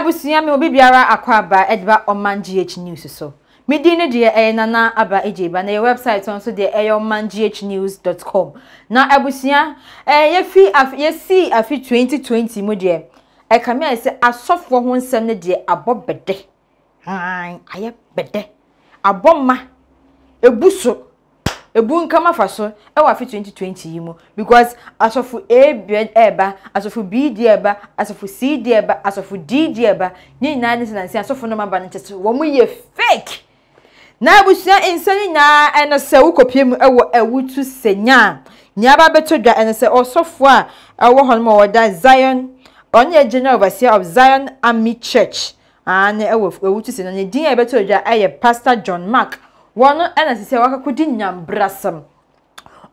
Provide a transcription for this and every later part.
abusua me obi biara akwa aba edba oman gh news so me din ne de e nana aba ejeba na your website on so de e omanghnews.com na abusua eh ye fi af ye si afi 2020 mu de e ka me se asofo ho nsem ne de abobede han aye bede aboma ebuso ebu nkama fa so ɛwɔ afi 2020 yi mu because asɔfo a bi ɛɛba asɔfo b di ɛɛba asɔfo c di ɛɛba asɔfo d di ɛɛba ne nyinaa ne sinansi asɔfo no ma ba ne kyɛ so wɔn yɛ fake na abusua nsa ne nyinaa ɛno sɛ wokɔpie mu ɛwɔ ɛwutu sɛnya nea aba bɛtɔ dwa ɛno sɛ ɔsɔfo a ɛwɔ hɔ no ma wɔda zion ɔno yɛ general overseer of zion army church aa ne ɛwɔ ɛwutu sɛnya ne din a ɛbɛtɔ dwa ɛyɛ pastor john mark wɔn ɛna sisi a wakakodi nyambrasɛm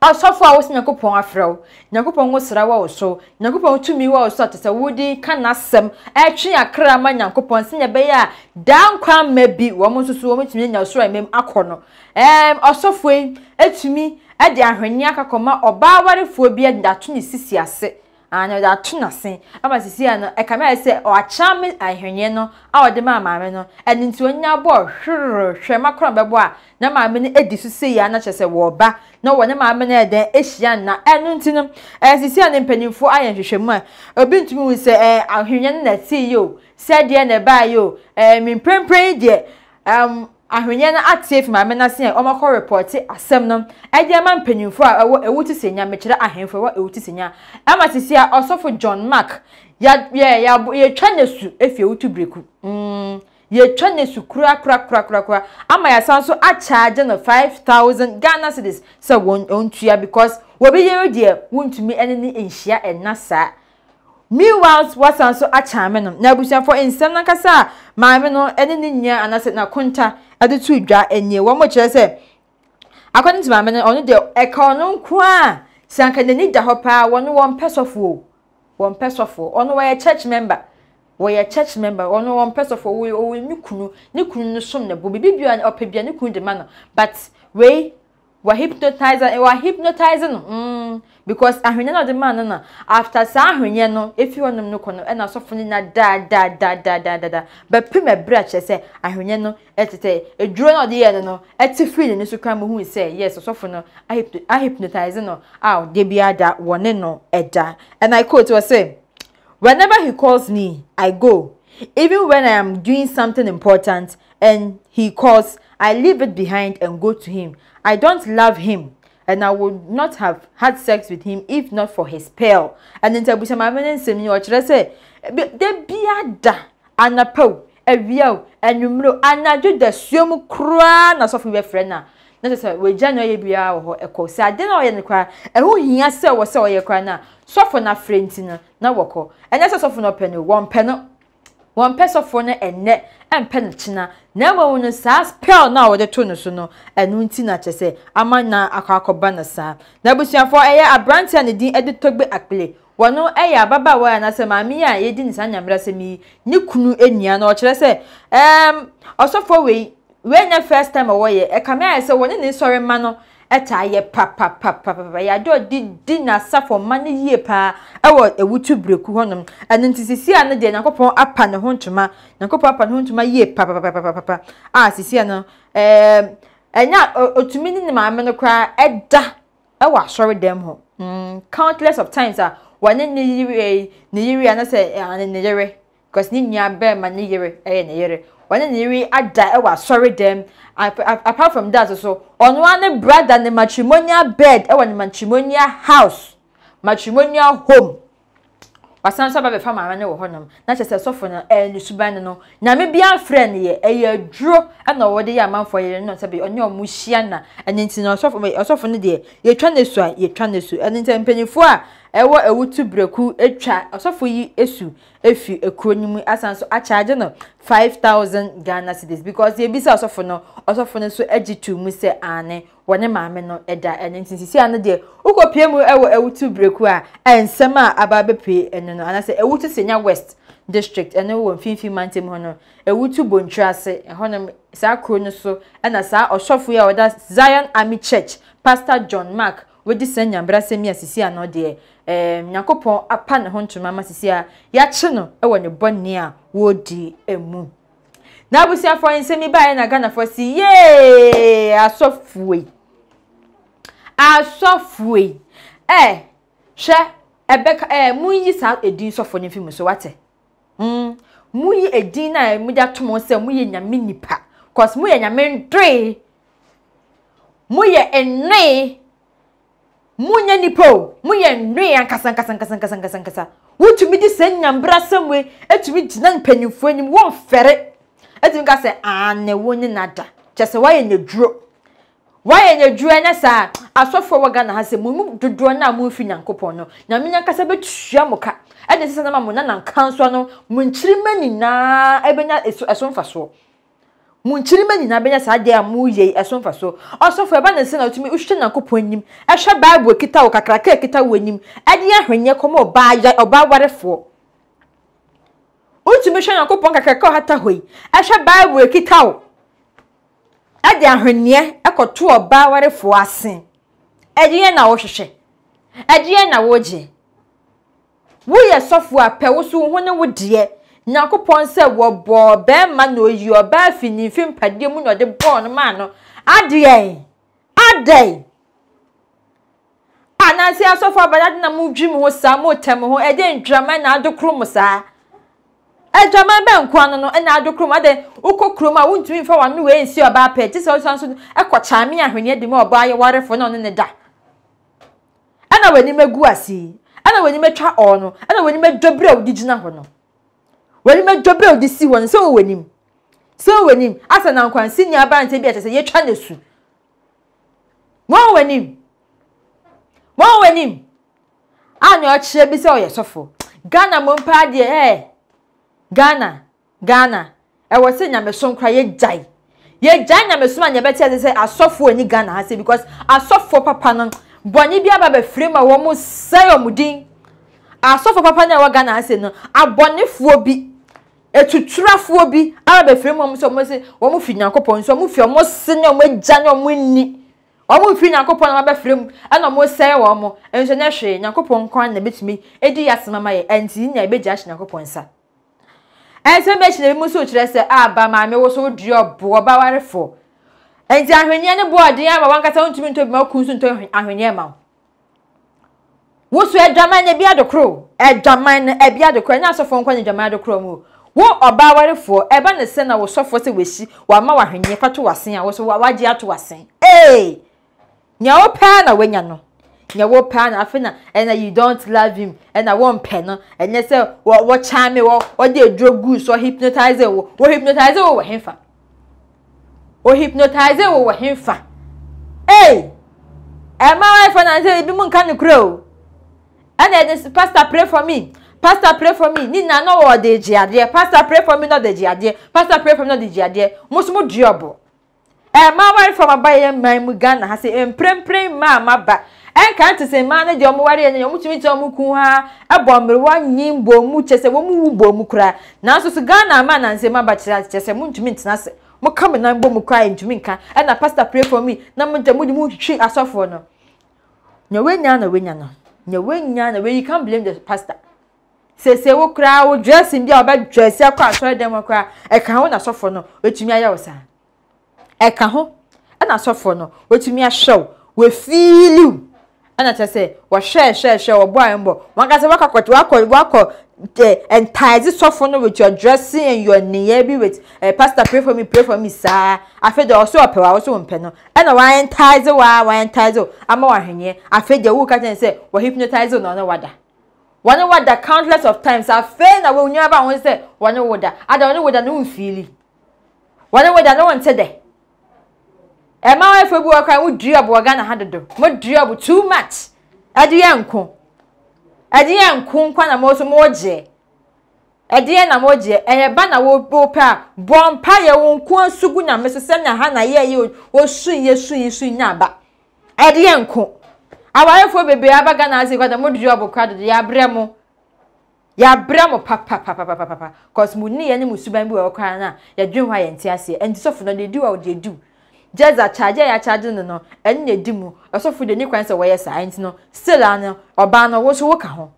asɔfo a wosi nyakopɔn afrɛw nyakopɔn wo sra wɔ so nyakopɔn tumi wɔ so te sɛ wodi ka n'asɛm ɛtwe akra ma nyakopɔn sɛ nyɛ bɛyɛ a daa nkwa mma bi wɔn nso so wɔn tumi nya soro a mmam akɔ no ɛɛm ɔsɔfo yi etumi ɛde ahwenneɛ akakɔma ɔbaa warefoɔ bi ɛde ne sisi ase ana ɔde ato n'ase ama sisi e a no ɛkame ayɛ sɛ ɔakyea me ahwenyeɛ no a ɔde maa maame no ɛne nti onya bɔ hwere hwɛ makora bɛbɔ a na maame no edi so sei ana kyerɛ sɛ wɔɔba na wɔne maame no ɛdɛn ehyia na ɛno nti no ɛɛ e sisi a ne mpanyinfoɔ ayɛ nhwehwɛmu a obi ntumi wu sɛ ɛɛ e, ahwenyeɛ no na ɛte yi o sɛdeɛ na ɛbaa yi o ɛɛ mprempren deɛ ɛɛm ahwenye no atie fi maame n'ase a ɔmakɔ repɔte asɛm no ɛde ɛma mpanyinfo a ɛwɔ ewuti senya mekyerɛ ahemfo ɛwɔ ewuti senya ɛma sisi a ɔsɔfo john mark yɛ yɛ yɛtwa ne su efi ewutu breku mm yɛtwa ne su kura kura kura kura kura ama yɛsan so akyagye no five thousand ghana cedis sɛ wɔn ntua because wɔbi yɛ deɛ wɔntumi ɛne ne nhyia ɛna saa meanwhile wasan so akyame no na abusuafo nsɛm nankasa a maame no ɛne ne nyinaa anase na konta ɛde eh. to dwa ɛnie wɔn kyerɛ sɛ akɔni ti maame no ɔno deɛ ɛka ɔno nko a sanka n'ani da hɔ paa wɔn wɔn pɛ sɔfoɔ wɔn pɛ sɔfoɔ ɔno church member wɔyɛ church member ɔno wɔn pɛ sɔfoɔ wɔyɛ ɔwɔ ne kunu ne kunu no som ne bo bibi bia ɔpɛ bia ne kunu de ma but we were hypnotizing were hypnotizing mm, because ahwenya na ɔde man, no na after saa ahwenya no efi hɔ nom no kɔ no ɛna asɔfo no na daa daa daa daa daa daa daa bɛpem ɛbrɛ akyerɛ sɛ ahwenya no ɛtetɛ eduro na ɔde yɛ no no ɛte free. ne so kwan mu hu sɛ yes asɔfo no ahypnotizing no a ɔde bi ada wɔ ne no and I quote. wɔ say, whenever he calls me i go even when i am doing something important and he calls me. I leave it behind and go to him. I don't love him and I would not have had sex with him if not for his spell. And then Tabusamame nsɛm yi ɔkyerɛ sɛ da bia da anapɛw awia anwummerɛ anadwo da suom koraa na sɔfo bɛfrɛ no a e na kyerɛ sɛ wagya na ɔyɛ biara wɔ hɔ ɛkɔ sɛ ade na ɔyɛ e no koraa ɛho hia sɛ wɔ sɛ ɔyɛ koraa no a sɔfo no afrɛ nti no na wɔkɔ And that's sɔfo no ɔpɛ no wɔmpɛ no wɔn mpɛ sɔfoɔ no ɛnɛ ɛmpɛ no kyena na ɛwɔ wɔn no saa spell no a wɔde to no so no ɛno nti na kyɛ sɛ ama na akɔ akɔba no saa na abusuafoɔ ɛyɛ aberanteɛ a ne din ɛde tɔgbe akpele wɔno ɛyɛ ababaawa anaasɛ maame a yɛdi ne saa nyamera sɛm yi ne kunu enua na ɔkyerɛ sɛ ɛɛm ɔsɔfoɔ wei wei nyɛ first time ɔwɔ yɛ ɛkame ayɛ sɛ wɔne ne nsɔre no pa pa pa ya ɔde di n'asafo mma no yie paa ɛwɔ ewutu breku hɔnom ɛno nti sisi a no deɛ nyakopɔn apa ne ho ntoma nyakopɔn apa ne ho ntoma yie pa a sisi a no ɛɛ otumi ne ne maame no koraa ɛda ɛwɔ asɔre dɛm mm countless of times a wɔne ne yiri ne yiri na sɛ ɛɛ ah, ne ni because ne nua bɛrima ne yiri yiri wɔne ne yiri ada ɛwɔ asɔre dɛm apart from that so ɔno ane brada ne matrimonial bed ɛwɔ eh, ne matrimonial house matrimonial home wasan so abɛfa maame no wɔ hɔnom na kyerɛ sɛ sɔfo no ɛyɛ ne suban no nyame bi afrɛ no yɛ ɛyɛ aduro ɛna wɔde yɛ amanfoɔ yɛrɛ no sɛbi ɔne ɔmo hyia na ɛne nti na ɔsɔfo ɔsɔfo no deɛ yɛtwa ne so a yɛtwa ne so ɛne nti mpanyinfoɔ a ɛwɔ ewutu breku atwa ɔsɔfo yi esu efi ekuro ne mu asan so akyagye no five thousand ghana cedis because yebisa ɔsɔfo no ɔsɔfo no nso agye tu mu sɛ ane wɔne maame no ɛda ɛne nti sisi ano deɛ wokɔ pie mu ɛwɔ ewutu breku a ɛnsɛm a aba bepie ɛno no anaasɛ ewutu senya west district ɛne wɔ mfimfin mantam hɔ no ewutu bontwe ase ɛhɔnom saa kuro no so ɛna saa ɔsɔfo yi a ɔda zion army church pastor john mark wɔgye sɛ nyambra sɛm sisi a no deɛ ɛɛ nyakopɔn apa ne ho ntoma ama sisi a yɛakye no wɔ ne bɔne a emu na n'abusuafoɔ nsɛm yi baeɛ na ghanafoɔ si yee asɔfoe asɔfoe ɛɛ hwɛ ɛbɛka ɛɛ munyi saa edin sɔfoɔ ne fi mu so wate mm muyi edin na mudi ato mu sɛ muyɛ nyame nipa cause muyɛ nyame ndoe muyɛ nnoe. munyɛ nipa o munyɛ nnoe ankasa ankasa ankasa ankasa ankasa ankasa wotumi di sɛ nyambra sɛm wei etumi gyina mpanyinfoɔ anim wɔn fɛre etumi ka sɛ aane wo ne nada kyɛ sɛ wayɛ nyaduro wayɛ nyaduro ɛnɛ saa asɔfoɔ wɔ ghana ha sɛ mo mu dodoɔ no a mo fi nyankopɔn no nyame nyankasa bɛtua mo ka ɛna sɛ sɛ na ma mo nana nkansoa no mo nkyirima nyinaa ɛbɛnya ɛso ɛso mfasoɔ. munchiri nkyiri mɛ nyinaa bɛnya saa ya a so ɔsɔfo ɛba ne nsa na ɔtumi ohwehwɛ nyankopɔ anim ɛhwɛ baibu kakraka ekita wɔ anim ya ya ekita ụwa ɛde ahwenyɛ ɛkɔto ɔbaa warefoɔ ase ɛdeɛ na wɔhwehwɛ ya na wɔgye a so nyankopɔn sɛ wɔbɔɔ bɛrima na oyi ɔbaa fi ne fi mpadeɛ mu na ɔde bɔɔ no maa no adeɛ adeɛ anaasɛ asɔfo abadade na mo dwi mo ho saa mo tɛ mo ho ɛde na ado koro mo saa adwaman bɛn nkoa no no na ado kurom ade wokɔ kurom a wontumi mfa wano wei nsi ɔbaa pɛ te sɛ wosan so ɛkɔ kyaame ahwenneɛ de mu ɔbaa na ɔne ne da ɛna w'anim agu ase ɛna atwa ɔɔ no ɛna a wodi gyina hɔ no wɔn mu adwa bɛl de si hɔ no sɛ wɔwɔ anim sɛ wɔwɔ anim asɛ nankwansi ni aberanteɛ bi a kyɛ sɛ ne su wɔn wɔ anim wɔn wɔ anim a na ɔkyerɛ bi sɛ ɔyɛ sɔfo ghana mo mpa adeɛ ɛɛ eh. ghana ghana ɛwɔ sɛ nyamesom kora yɛgyae yɛgyae nyamesom a ti ase sɛ asɔfoɔ ani ghana ha sɛ because asɔfoɔ papa no bɔne bi aba bɛfiri ma wɔn sɛe wɔn din asɔfoɔ papa ni a ghana ha sɛ no abɔnefoɔ bi etuturafoɔ bi abɛfiri mu ɔmo sɛ ɔmo se ɔmo fi nyankopɔn nso ɔmo fi ɔmo se ne ɔmo agya ne ɔmo ni ɔmo fi nyankopɔn na abɛfiri mu ɛna ɔmo sɛɛ wɔn mo nso ne hwee nyankopɔn kwan na ebetumi edi yasem ama yɛ ɛnti na ebegya ahyɛ nyankopɔn nsa ɛnsɛm bɛkyi na ebi mu nso kyerɛ sɛ aba maame wo so dua ɔbo ɔba warefoɔ ɛnti ahwenneɛ ne bo ɔden ama wankasa ntumi ntɔ bi ma ɔkun so ntɔ ahwenneɛ ma wosu adwaman na ebi adokoro adwaman na ebi adokoro ɛnyɛ asɔfo nkɔ ne adwaman adokoro mu o wo ɔbaa warefoɔ ɛba ne sɛ na wɔsɔfoɔ sɛ wɔahyi wɔama wahwenyeɛ fa to wasen a wɔsɛ wagye ato wasen ee nea wopɛa na wanya no nea wopɛa na afei na ɛna you don't love him and I ɛna wɔmpɛ no ɛnyɛ sɛ wɔkyame wɔ wɔde aduro gu so hypnotize wo wɔhypnotize wo wɔ hemfa wɔhypnotize wo wɔ hemfa ee ɛma warefoɔ na sɛ ebi mu nka ne korɛ o ɛna ɛde pastor pray for me pastor pray for me ni na no wo oh, the jiade pastor pray for me not the jiade pastor pray for me no de jiade musumu diobo e ma wari from abaye man mu gana ha se emprempre eh, ma ma ba I eh, can't say man, ma na de omo wari enye omo timi ti omo ku ha ebo eh, mmere wa nyin bo wu bo mu so so gana ma na nse ma ba chese mu ntumi ntena se mo ka me nan bo mu kra ntumi nka e na pastor pray for me na mo de mo di mu hwi no nyawe nya na we nya no nyawe nya na we you can't blame the pastor sese wo koraa wo dressing bi a ɔbɛ dresse akɔ koraa ho na sɔfo no otumi aya wo saa ho ɛna sɔfo no otumi ahyɛw wofiiliw ɛna kyerɛ sɛ wɔhwɛ hwɛ hwɛ wɔbɔ ayɛ mbɔ wɔn kasa wɔkɔ akɔtɔ wakɔ wakɔ ɛ eh, ntaade sɔfo no with your dressing and your bi with eh, pastor pray for me pray for me saa wa no wa ama hypnotize na wada. wɔne wada countless of times afei na wɔn nyaba wɔn sɛ wɔne wada ada wɔne wada no nfiili wɔne wada no wɔn te dɛ ɛmaa efe bi wɔ kwan mo dua bo wɔ ghana ha dodo mo dua bo too much ɛde yɛ nko ɛde yɛ nko nkwa na mo nso mo gye ɛde yɛ na mo gye ɛyɛ ba na wɔbɔ pɛ a bɔ mpa yɛ wɔn nko nso na mɛ so sɛ na ha na yɛ yɛ wɔsu yɛ su yɛ su nyaba ɛde yɛ nko awarefoɔ bebree aba ghana ase kwata mo dodo abokra dodo yɛabrɛ mo yɛabrɛ mo papapapapapa cause mo ni yɛ ne mo suban bi wɔ kora no a yɛdwe ho a yɛnte aseɛ ɛnti sɔfo no deɛ di wɔ deɛ du jeza charge ya charge no no ɛne na di mu ɔsɔfo deɛ ni kwan sɛ wɔyɛ saa ɛnti no still a no ɔbaa no wo so woka ho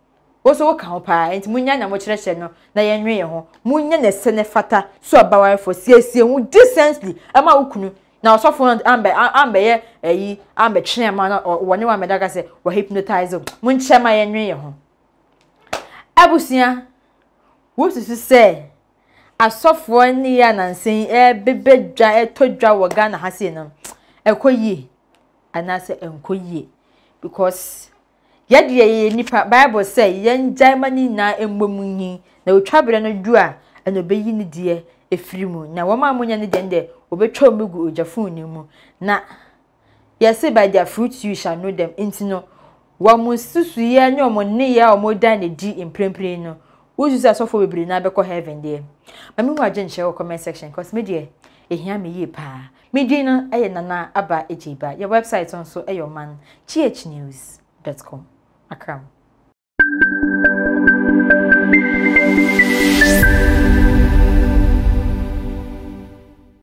wo so woka ho paa ɛnti munya na mokyerɛkyerɛ no na yɛnwe yɛn ho munya na ɛsɛ ne fata so ɔbawarefoɔ siesie ho decently ɛma wo kunu na ɔsɔfo ambɛ ambɛyɛ ɛyi ambɛtwene ma na wɔne eh, wa mɛda kasɛ wɔ hypnotize o mu nkyɛn ma yɛnwe yɛ ho eh, abusua wosusu sɛ asɔfoɔ ne yɛ anansi yi ɛbɛbɛ dwa ɛtɔ dwa wɔ ghana ha se no ɛkɔ yie anaasɛ ɛnkɔ yie because yɛde yɛyɛ nipa bible eh, sɛ yɛn gyaama ne nyinaa na otwa berɛ no do a ɛna ɔbɛyi ne deɛ efiri mu na wɔn a wɔnya ne deɛ no obetwa mu gu ogyafun ne mu na yɛsi by their fruit you shall know them nti no wɔn susu yi ne wɔn nne yi a wɔn da ne di mprempren no wosu sɛ asɔfo bebree na abɛkɔ heaven deɛ maame mu agye nhyɛ wɔ comment section cause me deɛ ehia me yie paa me din no yɛ nana aba agye ba yɛ website nso yɛ ɔman chnews dot com akram. thank you